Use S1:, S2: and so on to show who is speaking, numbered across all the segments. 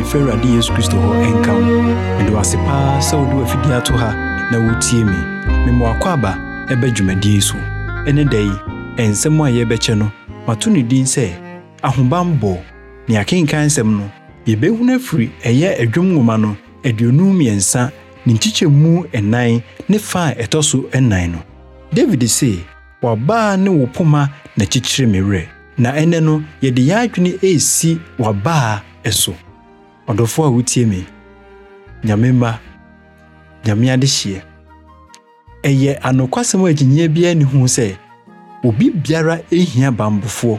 S1: mefrɛ awurade yesu kristo hɔ ɛnka wo mede wase paa sɛ wode wafidie ato ha na wotie me mema wakɔ aba ɛbɛ dwumadie so ɛne da yi ɛnsɛm a yɛbɛkyɛ no mato ne din sɛ ahobanbɔ ne akenkan nsɛm no yɛbɛhunu afiri ɛyɛ adwom nwoma no aduonum mmiɛnsa ne nkyikyɛmu ɛnan ne fa a ɛtɔ so ɛnan no david se wabaa ne wo poma na kyikyire me werɛ na ɛnɛ no yɛde yɛn adwene ɛresi wabaa ɛso ɔdɔfoɔ a wotie me nyame mma nyame adehyeɛ ɛyɛ anokwasɛm a agyinyɛ biara ne hu sɛ obi biara ɛhia bambofoɔ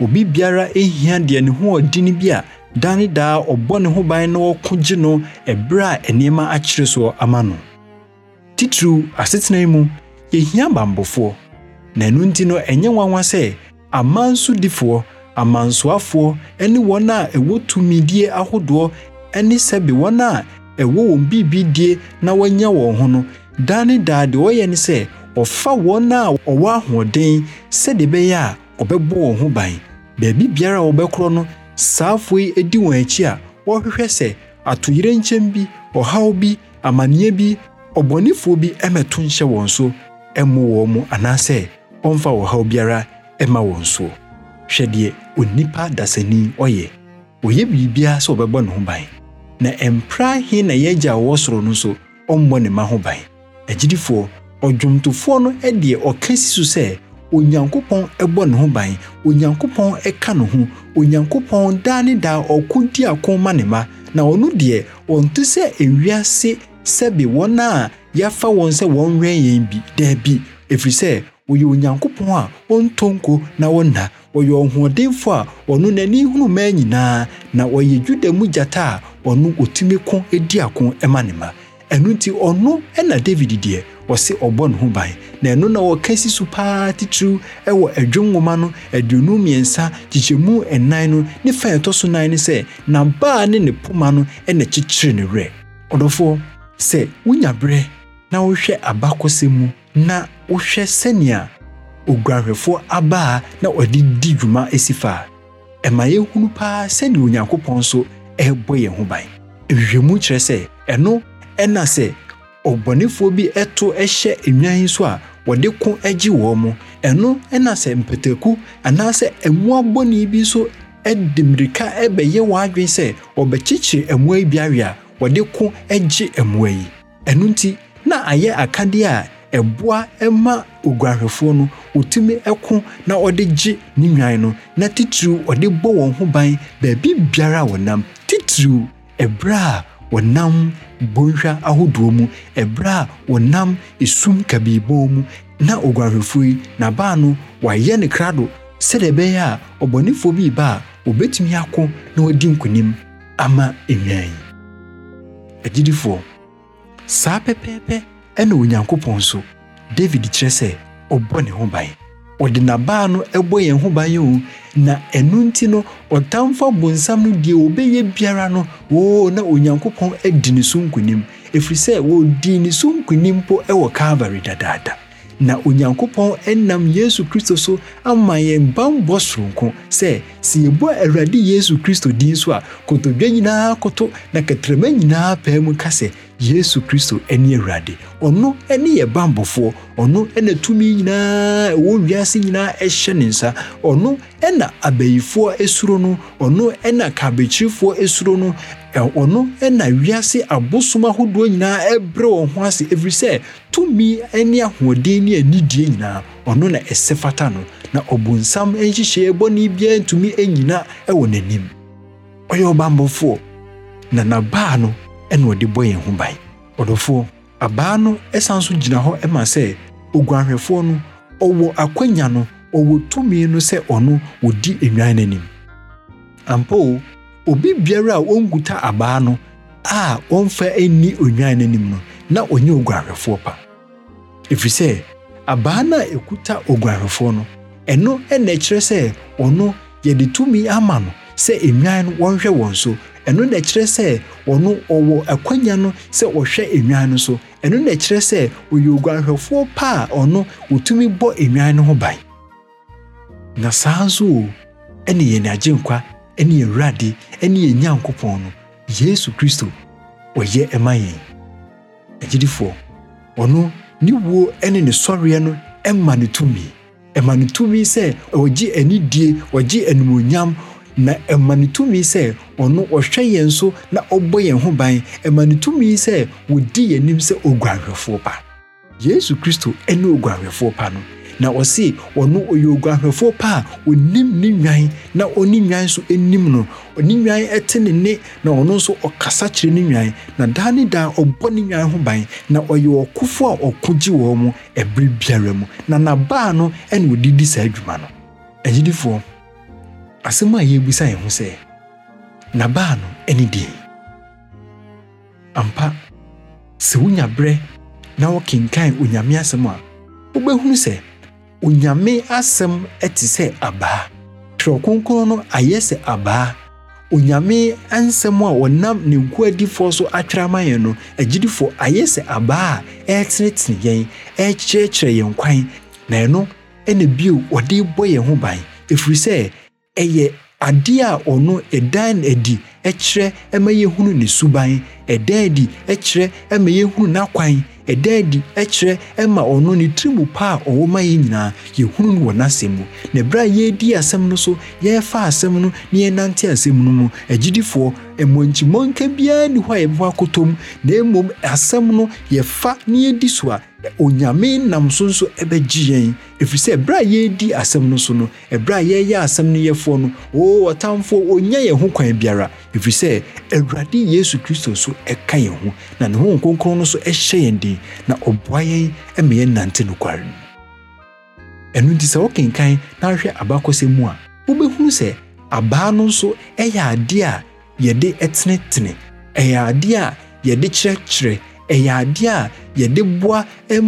S1: obi biara ɛhia deɛ ne ho ɔdini bi a daa daa ɔbɔ ne ho ban na ɔko gye no ɛberɛ a nneɛma akyere soɔ ama no titiriw asetena yi mu yɛhia bambofoɔ na ɛno nti no ɛnyɛ nwanwa sɛ aman so difoɔ amansoafoɔ ne wɔn a ɛwɔ tumidie ahodoɔ ne sɛbe wɔn a ɛwɔ wɔn biribidie na wɔanya wɔn ho no daa ne daa deɛ ɔyɛ ne sɛ ɔfa wɔn a ɔwɔ ahoɔden sɛdeɛ ɛbɛyɛ a ɔbɛbɔ wɔn ho ban baabi biara a wɔbɛkorɔ no saafoɔ yi di wɔn akyi a wɔrehwehwɛ sɛ atoyerɛnkyɛm bi ɔhaw bi amanneɛ bi ɔbɔnefoɔ bi mmɛto nhyɛ wɔn so mmo wɔn mu anaasɛ ɔmfa ɔhaw biara mma wɔn so hwɛ deɛ onipa dasani ɔyɛ ɔyɛ biribiara sɛ ɔbɛbɔ ne ho ban na mpra he na yɛagya wɔ soro no nso ɔmmɔ ne ma ho ban agyidifoɔ ɔdwomtofoɔ no deɛ ɔka si so sɛ onyankopɔn bɔ ne ho ban onyankopɔn ka ne ho onyankopɔn daa ne daa ɔko di ako ma ne ma na ɔno deɛ ɔnto sɛ ewiase sɛbe wɔn a yɛafa wɔn sɛ wɔnwɛn yɛn bi daabi ɛfiri sɛ ɔyɛ onyankopɔn a ɔntɔ na ɔnna ɔyɛ ɔhoɔdenfo a ɔno n'ani hunu mmaa nyinaa na ɔyɛ juda mu gyata a ɔno ɔtumi ko di ako ma ne ma ɛno nti ɔno ɛna david deɛ ɔse ɔbɔ ne ho ban na ɛno na wɔka si so paa titiriw ɛwɔ ɛdwe nwoma no aduonu mmiɛnsa kyekyɛmu nnan no ne fa ɛtɔ so nan no sɛ na baa ne ne poma no ɛna kyekyere ne werɛ ɔdɔfoɔ sɛ wonya berɛ na wohwɛ abakɔsɛm mu na wohwɛ sɛnea oguanhwɛfoɔ abaa na ɔde di dwuma esi fa a ɛma yɛhunu paa sɛdeɛ onyankopɔn nso ɛrebɔ yɛn ho ban ɛhwehwɛmu kyerɛ sɛ ɛno ɛna sɛ ɔbɔnefoɔ bi ɛto ɛhyɛ nnwan so a wɔde ko agye wɔn mu ɛno ɛna sɛ mpataku anaasɛ ɛmu abɔne bi nso ɛde mmirika ɛbɛyɛ wɔn adwene sɛ ɔbɛkyekyere ɛmoa yi bi awie a wɔde ko agye ɛmoa yi ɛno nti na ayɛ akadeɛ a ɛboa ɛma oguahwɛfoɔ no ɔtumi ɛko na ɔde gye ne nwan no na titiriw ɔde bɔ wɔn ho ban baabi biara a wɔnam titiriw ɛberɛ a wɔnam bɔnhwa ahodoɔ mu ɛberɛ a wɔnam esum kabiibɔn mu na oguahwɛfoɔ yi n'abaa no wayɛ ne krado sɛdeɛ ɛbɛyɛ a ɔbɔnefoɔ bi ba a wɔbɛtumi ako na ɔdi nkunim ama nnwan yi agyidifoɔ saa pɛpɛɛpɛ ɛna onyankopɔn nso david kyerɛ sɛ ɔbɔ ne ho ban ɔde n'abaa no ɛbɔ yɛn ho ban o na ɛno nti no ɔtamfa bonsam no deɛ ɔbɛyɛ biara no oo na onyankopɔn adi ne so nkonim ɛfiri sɛ wɔdi ne so nkonim mpo ɛwɔ calvary dadaada na onyankopɔn ɛnam yesu kristo so ama yɛn bambɔ soronko sɛ sɛ yɛbɔ awurade yesu kristo din so a kotodwa nyinaa koto na katrama nyinaa pɛɛ mu ka sɛ yesu kristo ne awurade ɔno ne yɛ bambɔfoɔ ɔno na tumi nyinaa ɛwɔ wiase nyinaa ɛhyɛ ne nsa ɔno na abayifoɔ esuro no ɔno na kabekyifoɔ esuro no ɔno na wiase abosom ahodoɔ nyinaa ɛbrɛ wɔn ho ase ɛfiri sɛ tumi ne ahoɔden ne anidie nyinaa ɔno na ɛsɛ fata no na ɔbonsam nhyehyɛeɛ bɔne biara ntumi nyina ɛwɔ n'anim ɔyɛ ɔbambɔfoɔ na n'abaa no ɛna ɔde bɔ yɛn ho ban ɔdɔfoɔ abaa no ɛsan so gyina hɔ ma sɛ oguanhwɛfoɔ no ɔwɔ akwanya no ɔwɔ tumi no sɛ ɔno ɔdi nnwan no anim ampa obi biara a ɔnkuta abaa no a ɔmfa ani onnwan no anim no na ɔnyɛ oguanhwɛfoɔ pa ɛfiri sɛ abaa no a ɛkuta oguanhwɛfoɔ no ɛno ɛna ɛkyerɛ sɛ ɔno yɛde tumi ama no sɛ nnwan no wɔnhwɛ wɔn so ɛno na ɛkyerɛ sɛ ɔno ɔwɔ akwanya no sɛ ɔhwɛ enwan no so ɛno na ɛkyerɛ sɛ ɔyɛ oguanhwɛfoɔ pa a ɔno ɔtumi bɔ enwan no ho ban na saa nso o ɛne yɛn agyenkwa ɛne yɛn awurade ɛne yɛn nyankopɔn no yesu kristo ɔyɛ ɛma yɛn agyidifoɔ ɔno ne wuo ne ne sɔreɛ no ɛma ne tumi ɛma ne tumi sɛ ɔgye anidie ɔgye animonyam na ɛma ne tumi sɛ ɔno ɔhwɛ yɛn so na ɔbɔ yɛn ho ban ɛma ne tumi sɛ wɔdi yɛn anim sɛ oguahwɛfoɔ pa yesu kristo ne oguahwɛfoɔ pa no na ɔse ɔno ɔyɛ oguahwɛfoɔ pa a ɔnim ne nwan na ɔne nwan so nim no ɔne nwan te ne nne na ɔno nso ɔkasa kyerɛ ne nwan na daa ne daa ɔbɔ ne nwan ho ban na ɔyɛ ɔkofo a ɔkogye wɔn mu ɛberɛ biara mu na n'abaa no ne ɔdidi saa adwuma no agyidifoɔ asɛm a yɛbisa yɛn ho sɛ na baa no ɛne deɛ ampa sɛ wonya berɛ na wokenkan onyame asɛm a wobɛhunu sɛ onyame asɛm te sɛ abaa twerɛ kronkron no ayɛ sɛ abaa onyame nsɛm a ɔnam ne nko so atwerɛ ama yɛn no agyidifoɔ ayɛ sɛ abaa a ɛretenetene yɛn ɛrekyerɛkyerɛ yɛn kwan na ɛno ɛna bio ɔde bɔ yɛn ho ban ɛfiri sɛ ɛyɛ adeɛ a ɔno ɛdan adi ɛkyerɛ ɛma yɛhunu ne suban ɛdan adi ɛkyerɛ ɛma yɛhunu n'akwan ɛdan adi ɛkyerɛ ɛma ɔno ne tirimu pa a ɔwɔ ma yɛn nyinaa yɛhunu no wɔ n'asɛm mu na ɛberɛ a yɛredi asɛm no so yɛrefa asɛm no na yɛnante asɛm no mu agyidifoɔ mmɔnkyimɔnka biara ni hɔ a yɛbɛfa akɔtɔ mu na mmom asɛm no yɛfa na yɛdi so a e onyame nam so nso ɛbɛgye e e yɛn ɛfiri sɛ ɛberɛ a yɛredi asɛm no so no ɛberɛ a yɛyɛ asɛm no yɛfoɔ no oo ɔtamfoɔ ɔnya yɛn ho kwan biara ɛfiri sɛ awurade yesu kristo so ɛka yɛn ho na ne honhom kronkron no so ɛhyɛ yɛn den na ɔboa yɛn ma yɛnnante nokware no ɛno nti sɛ wokenkan na ahwɛ abakɔsɛ mu a wobɛhunu sɛ abaa no nso ɛyɛ adeɛ a yɛde tenetene ɛyɛ adeɛ a yɛde kyerɛkyerɛ ɛyɛ adeɛ a yɛde boa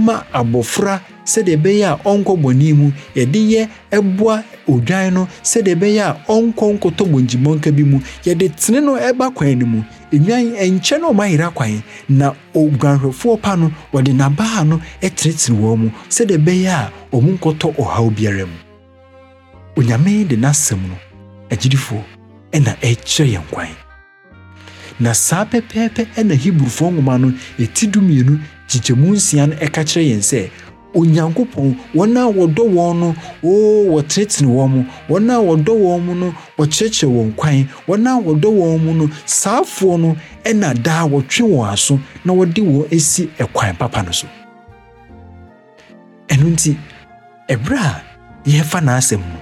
S1: ma abɔfra sɛdeɛ ɛbɛyɛ a ɔnkɔ bɔne mu yɛde yɛ ɛboa odwan no sɛdeɛ ɛbɛyɛ a ɔnkɔ nkɔtɔ bɔnkyimɔnka bi mu yɛde tene no ɛba kwan no mu nwan nkyɛn na ɔmayera kwan na odwanhwɛfoɔ pa no wɔde n'abaa no ɛtenetene wɔn mu sɛdeɛ ɛbɛyɛ a ɔmo nkɔtɔ ɔhaw biara mu onyame de n'asɛm no agyidifoɔ ɛna ɛkyerɛ yɛn kwan na saa pɛpɛɛpɛ ɛna hebrifoɔ nwoma no ɛti du mmienu kyikyɛmu nsia no ɛka kyerɛ yɛn sɛ onyankopɔn wɔn a wɔdɔ wɔn no oo wɔtenetene wɔn mo wɔn a wɔdɔ wɔn mu no wɔkyerɛkyerɛ wɔn kwan wɔn a wɔdɔ wɔn mu no saafoɔ no ɛna daa wɔtwe wɔn aso na wɔde wɔn asi ɛkwan papa no so ɛno nti ɛberɛ a yɛfa n'asɛm no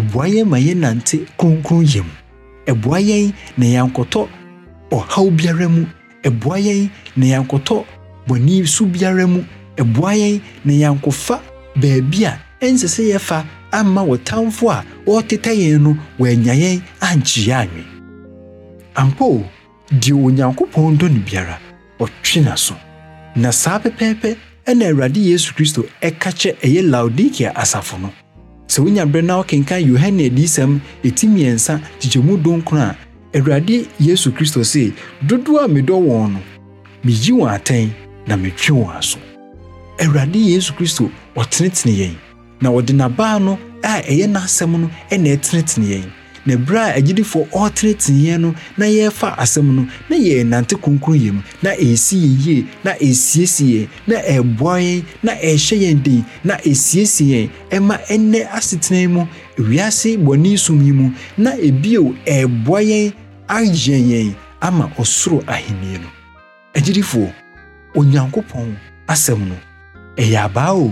S1: ɛboa yɛn ma yɛnante kronkron yɛ mu ɛboa yɛn na yɛankɔtɔ ɔhaw biara mu ɛboa yɛn na yɛankɔtɔ bɔne so biara mu ɛboa yɛn na yɛankɔfa baabi a ɛnsɛ sɛ yɛfa ama wɔtamfo a wɔreteta yɛn no wɔanya yɛn ankye anwe ampo o deɛ onyankopɔn dɔ no biara ɔtwe n'aso na saa pɛpɛɛpɛ ɛna awurade yesu kristo ɛka kyɛ ɛyɛ laodikia asafo no sɛ wonya berɛ na wokenka yohane adiyisɛm ɛti mmiɛnsa kyekyɛmu donkron a awurade yesu kristo se dodoɔ a medɔ wɔn no meyi wɔn atɛn na metwe wɔn aso awurade yesu kristo ɔtenetene yɛn na ɔde n'abaa no a ɛyɛ n'asɛm no ɛna ɛtenetene yɛn na berɛ a agyidifoɔ ɔreteneteneɛ no na yɛrefa asɛm no na kunkun kronkronyɛ mu na esi yɛn yie na esiesie yɛn na ɛboa yɛn na ɛhyɛ yɛn den na ɛsiesie yɛn ɛma ɛnnɛ asetena mu wiase bɔne som yi mu na ebio ɛboa yɛn ayɛ yɛn ama ɔsoro ahenni no agyinifo onyankopɔn asɛm no ɛyɛ abaa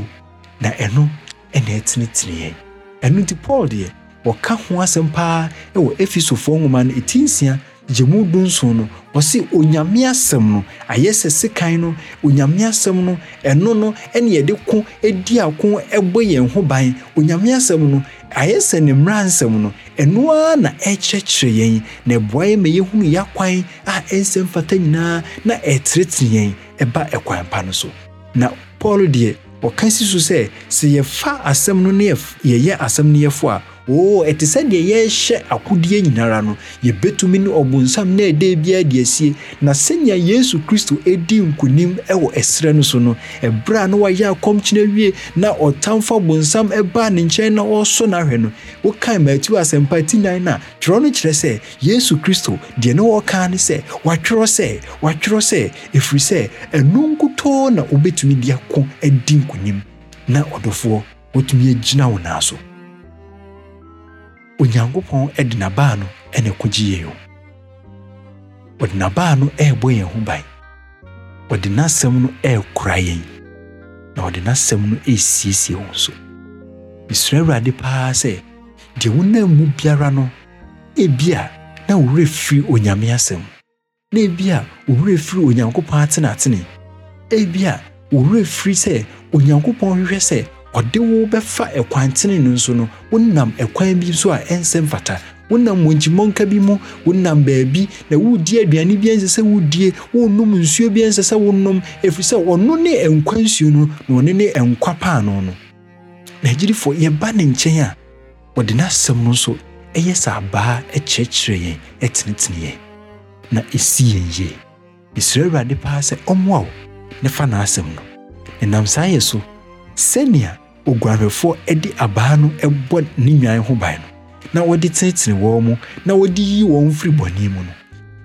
S1: na ɛno ɛna ɛtenetene yɛn ɛno nti paul deɛ wɔka ho asɛm paa ɛwɔ efesofoɔ nwoma no ɛti nsia gye mu du nson no ɔse onyame asɛm no ayɛ sɛ sekan no onyame asɛm no ɛno no ɛne yɛde ko di ako ɛbɔ yɛn ho ban onyame asɛm no ayɛ sɛ ne mmara nsɛm no ɛno na ɛkyerɛkyerɛ yɛn na ɛboa yɛn ma yɛhunu yɛakwan a ɛnsɛm fata nyinaa na ɛteretene yɛn ɛba ɛkwan pa no so na paul deɛ ɔka si so sɛ sɛ yɛfa asɛm no ne yɛyɛ asɛm no yɛfo a oo ɛte sɛ deɛ yɛrehyɛ akodeɛ nyinara no yɛbɛtumi ne ɔbonsam na ɛda biara de asie na sɛnea yesu kristo ɛdi nkonim ɛwɔ ɛserɛ no so no ɛberɛ a na wayɛ akɔmkyena wie na ɔtamfo abonsam ɛbaa ne nkyɛn na ɔresɔ no no wokae asɛmpa no a twerɛ no kyerɛ sɛ yesu kristo deɛ ne ne sɛ watwerɛ sɛ watwerɛ sɛ ɛfiri sɛ ɛno na wobɛtumi de ako na ɔdɔfoɔ wotumi agyina onyankopɔn de n'abaa no na ɛkɔgye yɛn o ɔde n'abaa no ɛrebɔ yɛn ho ban ɔde n'asɛm no ɛrekora yɛn na ɔde n'asɛm no ɛresiesie wɔn so mesrɛ awurade paa sɛ deɛ wonam mu biara no ebia na wowerɛ firi onyame asɛm na ebia wowerɛ firi onyankopɔn atenatene ebia wowerɛ firi sɛ onyankopɔn hwehwɛ sɛ ɔde wo bɛfa ɛkwan tene no nso no wonam ɛkwan bi so a ɛnsɛ mfata wonam wɔnkyimɔnka bi mu wonam baabi na wodie aduane bi ɛnsɛ sɛ wodie wonnom nsuo bi ɛnsɛ sɛ wonom ɛfiri sɛ ɔno ne ɛnkwa nsuo no na ɔno ne ɛnkwa paano no na agyirifoɔ yɛba ne nkyɛn a wɔde n'asɛm no nso ɛyɛ sɛ abaa ɛkyerɛkyerɛ yɛn ɛtenetene yɛn na ɛsi yɛn yie mesrɛ awurade paa sɛ ɔmmoa wo ne fa n'asɛm no ɛnam saa yɛ so sɛnea oguarefoɔ de abaa no bɔ ne nwan ho ban no na wɔde tenetene wɔn mu na wɔde yi wɔn firi bɔne mu no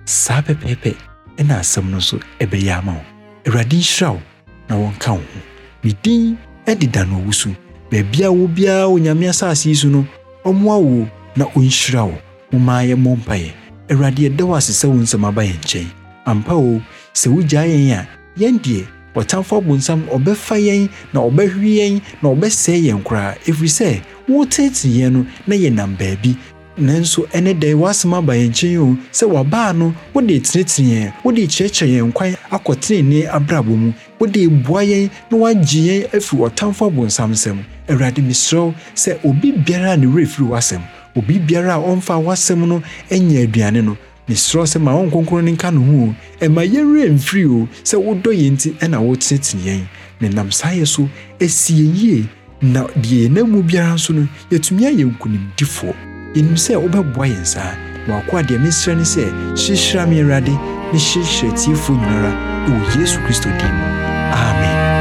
S1: saa pɛpɛɛpɛ ɛna asɛm no nso ɛbɛyɛ ama wo awurade nhyira wo na wɔnka wo ho ne din ɛdeda no owu so baabia wo biara onyame asase yi so no ɔmmoa wo na ɔnhyira wo mommaa yɛ mmɔ mpaeɛ awurade yɛda wo ase sɛ wo nsɛm aba yɛn nkyɛn ampa o sɛ wogyaa yɛn a yɛn deɛ wɔtamfoɔ abunsam ɔbɛfa yɛn na ɔbɛhwe yɛn na ɔbɛsɛe yɛn koraa ɛfiri sɛ wotetene yɛn no na yɛnam baabi nanso ɛne dɛn w'asɛm aba yɛn nkyɛn o sɛ wabaa no wode tenetene yɛn wode kyerɛkyerɛ yɛn kwan akɔ tenenee abrabɔ mu wode boa yɛn na woagye yɛn afiri ɔtamfo abonsam nsɛm awurade meserɛw sɛ obi biara a ne werɛ firi w'asɛm obi biara a ɔmfa w'asɛm no anya aduane no mesrɛ sɛ ma wɔn nkronkron no nka no ho o ɛma yɛwerɛ mfiri o sɛ wodɔ yɛn nti ɛna wotenetene yɛn ne nam saa yɛ so ɛsi yɛn yie na deɛ yɛn mu biara nso no yɛtumi ayɛ nkonimdifoɔ yɛnim sɛ wobɛboa yɛn saa na wakoa deɛ mesrɛ ne sɛ hyehyira me awurade ne hyehyira tiefoɔ nyinara ɛwɔ yesu kristo din mu amen